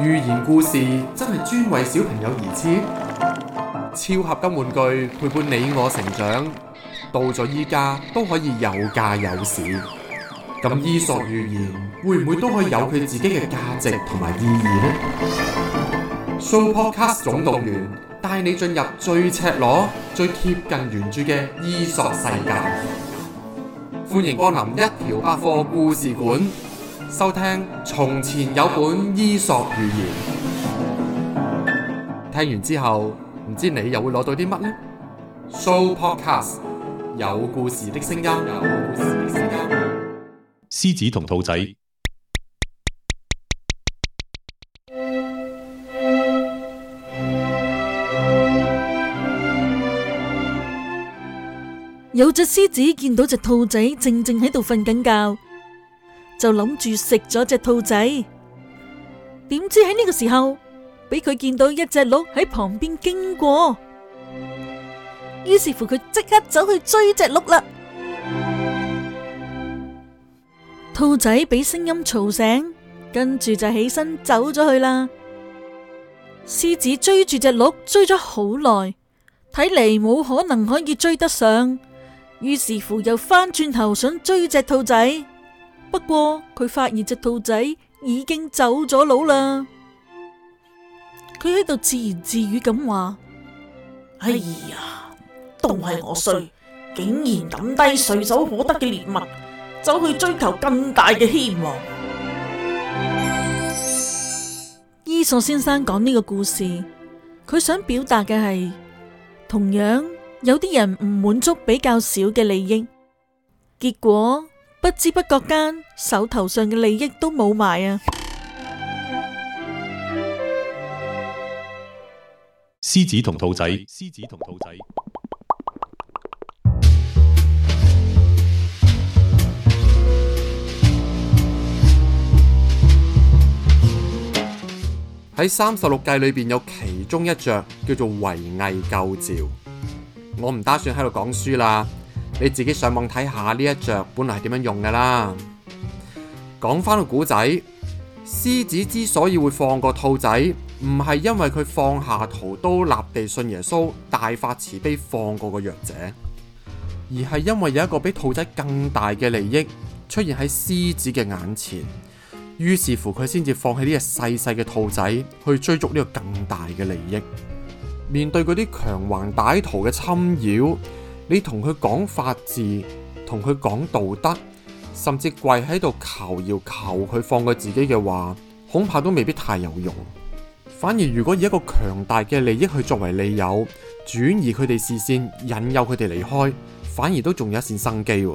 寓言故事真係專為小朋友而設，超合金玩具陪伴你我成長，到咗依家都可以有價有市。咁伊索寓言會唔會都可以有佢自己嘅價值同埋意義呢？Sooopodcast 總動員帶你進入最赤裸、最貼近原著嘅伊索世界，歡迎光臨一條百貨故事館。收聽從前有本伊索寓言，聽完之後唔知你又會攞到啲乜呢？Sooo Podcast，有故事的聲音。有故事的聲音。獅子同兔仔，有隻獅子見到隻兔仔靜靜喺度瞓緊覺。就諗住食咗隻兔仔，點知喺呢個時候，俾佢見到一隻鹿喺旁邊經過，於是乎佢即刻走去追隻鹿啦。兔仔俾聲音吵醒，跟住就起身走咗去啦。獅子追住隻鹿追咗好耐，睇嚟冇可能可以追得上，於是乎又返轉頭想追隻兔仔。不過佢發現隻兔仔已經走咗佬啦，佢喺度自言自語咁話：哎呀，都係我衰，竟然抌低隨手可得嘅獵物，走去追求更大嘅希望。伊索先生講呢個故事，佢想表達嘅係，同樣有啲人唔滿足比較少嘅利益，結果。不知不覺間，手頭上嘅利益都冇埋啊！獅子同兔仔，獅子同兔仔喺三十六計裏邊有其中一着叫做圍魏救趙。我唔打算喺度講書啦。你自己上網睇下呢一着本來係點樣用噶啦。講翻個古仔，獅子之所以會放過兔仔，唔係因為佢放下屠刀立地信耶穌，大發慈悲放過個弱者，而係因為有一個比兔仔更大嘅利益出現喺獅子嘅眼前，於是乎佢先至放棄呢隻細細嘅兔仔去追逐呢個更大嘅利益。面對嗰啲強橫歹徒嘅侵擾。你同佢講法治，同佢講道德，甚至跪喺度求饒求佢放過自己嘅話，恐怕都未必太有用。反而如果以一個強大嘅利益去作為理由，轉移佢哋視線，引誘佢哋離開，反而都仲有一線生機。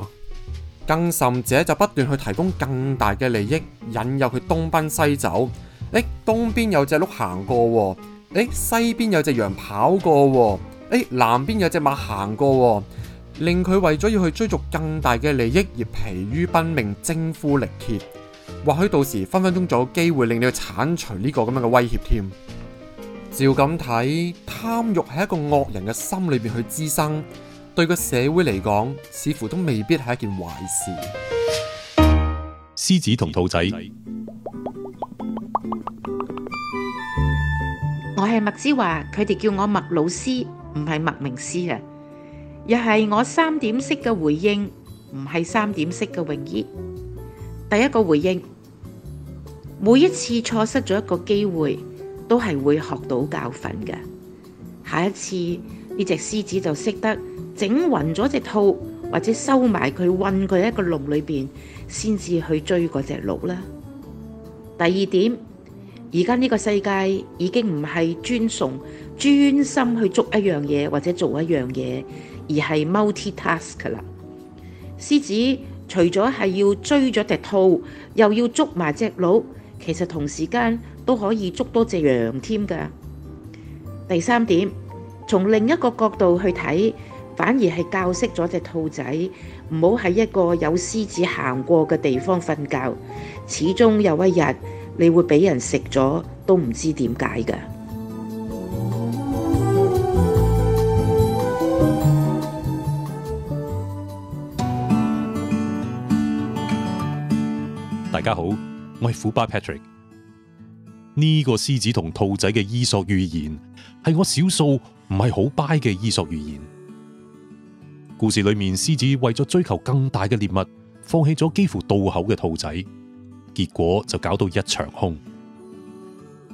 更甚者，就不斷去提供更大嘅利益，引誘佢東奔西走。誒，東邊有隻鹿行過，誒，西邊有隻羊跑過。誒、哎，南邊有隻馬行過，哦，令佢為咗要去追逐更大嘅利益而疲於奔命、精疲力竭。或許到時分分鐘仲有機會令你去鏟除呢個咁樣嘅威脅添。照咁睇，貪欲喺一個惡人嘅心裏邊去滋生，對個社會嚟講，似乎都未必係一件壞事。獅子同兔仔，我係麥之華，佢哋叫我麥老師。唔係麥明詩啊。又係我三點式嘅回應，唔係三點式嘅泳衣。第一個回應，每一次錯失咗一個機會，都係會學到教訓嘅。下一次呢隻獅子就識得整暈咗隻兔，或者收埋佢、韞佢喺個籠裏邊，先至去追嗰隻鹿啦。第二點。而家呢個世界已經唔係專送、專心去捉一樣嘢或者做一樣嘢，而係 multi task 㗎啦。獅子除咗係要追咗隻兔，又要捉埋隻鹿，其實同時間都可以捉多隻羊添㗎。第三點，從另一個角度去睇，反而係教識咗隻兔仔唔好喺一個有獅子行過嘅地方瞓覺，始終有一日，你會俾人食咗，都唔知點解嘅。大家好，我係虎爸 Patrick。呢個獅子同兔仔嘅伊索寓言係我少數唔係好掰嘅伊索寓言。故事裏面，獅子為咗追求更大嘅獵物，放棄咗幾乎到口嘅兔仔。結果就搞到一場空。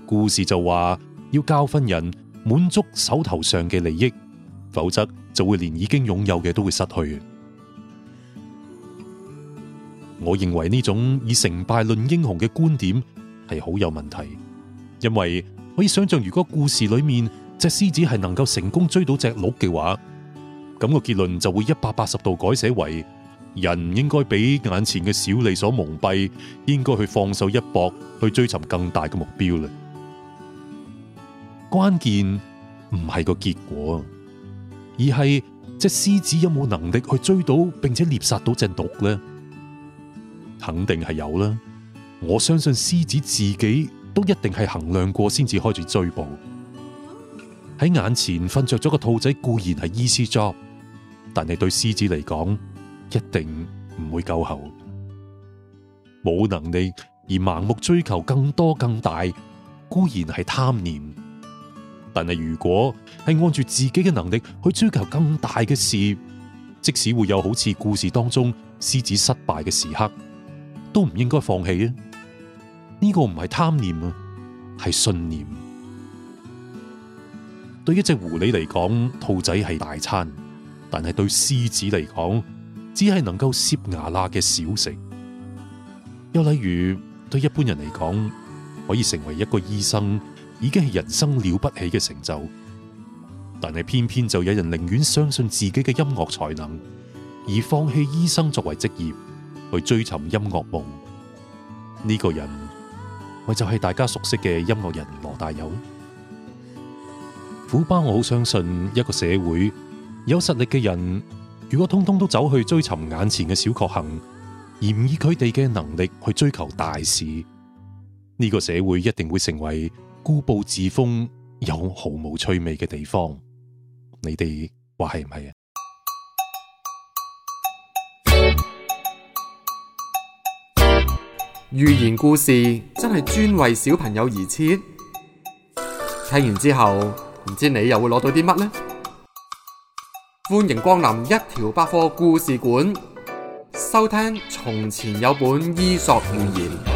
故事就話要教訓人滿足手頭上嘅利益，否則就會連已經擁有嘅都會失去。我認為呢種以成敗論英雄嘅觀點係好有問題，因為可以想象，如果故事裡面隻獅子係能夠成功追到隻鹿嘅話，咁個結論就會一百八十度改寫為。人唔應該俾眼前嘅小利所蒙蔽，應該去放手一搏，去追尋更大嘅目標啦。關鍵唔係個結果，而係隻獅子有冇能力去追到並且獵殺到隻毒呢？肯定係有啦，我相信獅子自己都一定係衡量過先至開始追捕。喺眼前瞓着咗個兔仔固然係 easy job，但係對獅子嚟講。一定唔會夠喉，冇能力而盲目追求更多更大，固然係貪念。但係如果係按住自己嘅能力去追求更大嘅事，即使會有好似故事當中獅子失敗嘅時刻，都唔應該放棄啊！呢個唔係貪念啊，係信念。對一隻狐狸嚟講，兔仔係大餐；但係對獅子嚟講，只係能夠攝牙罅嘅小食，又例如對一般人嚟講，可以成為一個醫生，已經係人生了不起嘅成就。但係偏偏就有人寧願相信自己嘅音樂才能，而放棄醫生作為職業，去追尋音樂夢。呢、這個人咪就係、是、大家熟悉嘅音樂人羅大佑。虎巴，我好相信一個社會有實力嘅人。如果通通都走去追尋眼前嘅小確幸，而唔以佢哋嘅能力去追求大事，呢個社會一定會成為固步自封又毫無趣味嘅地方。你哋話係唔係啊？寓言故事真係專為小朋友而設，聽完之後唔知你又會攞到啲乜呢？歡迎光臨一條百貨故事館，收聽從前有本伊索寓言。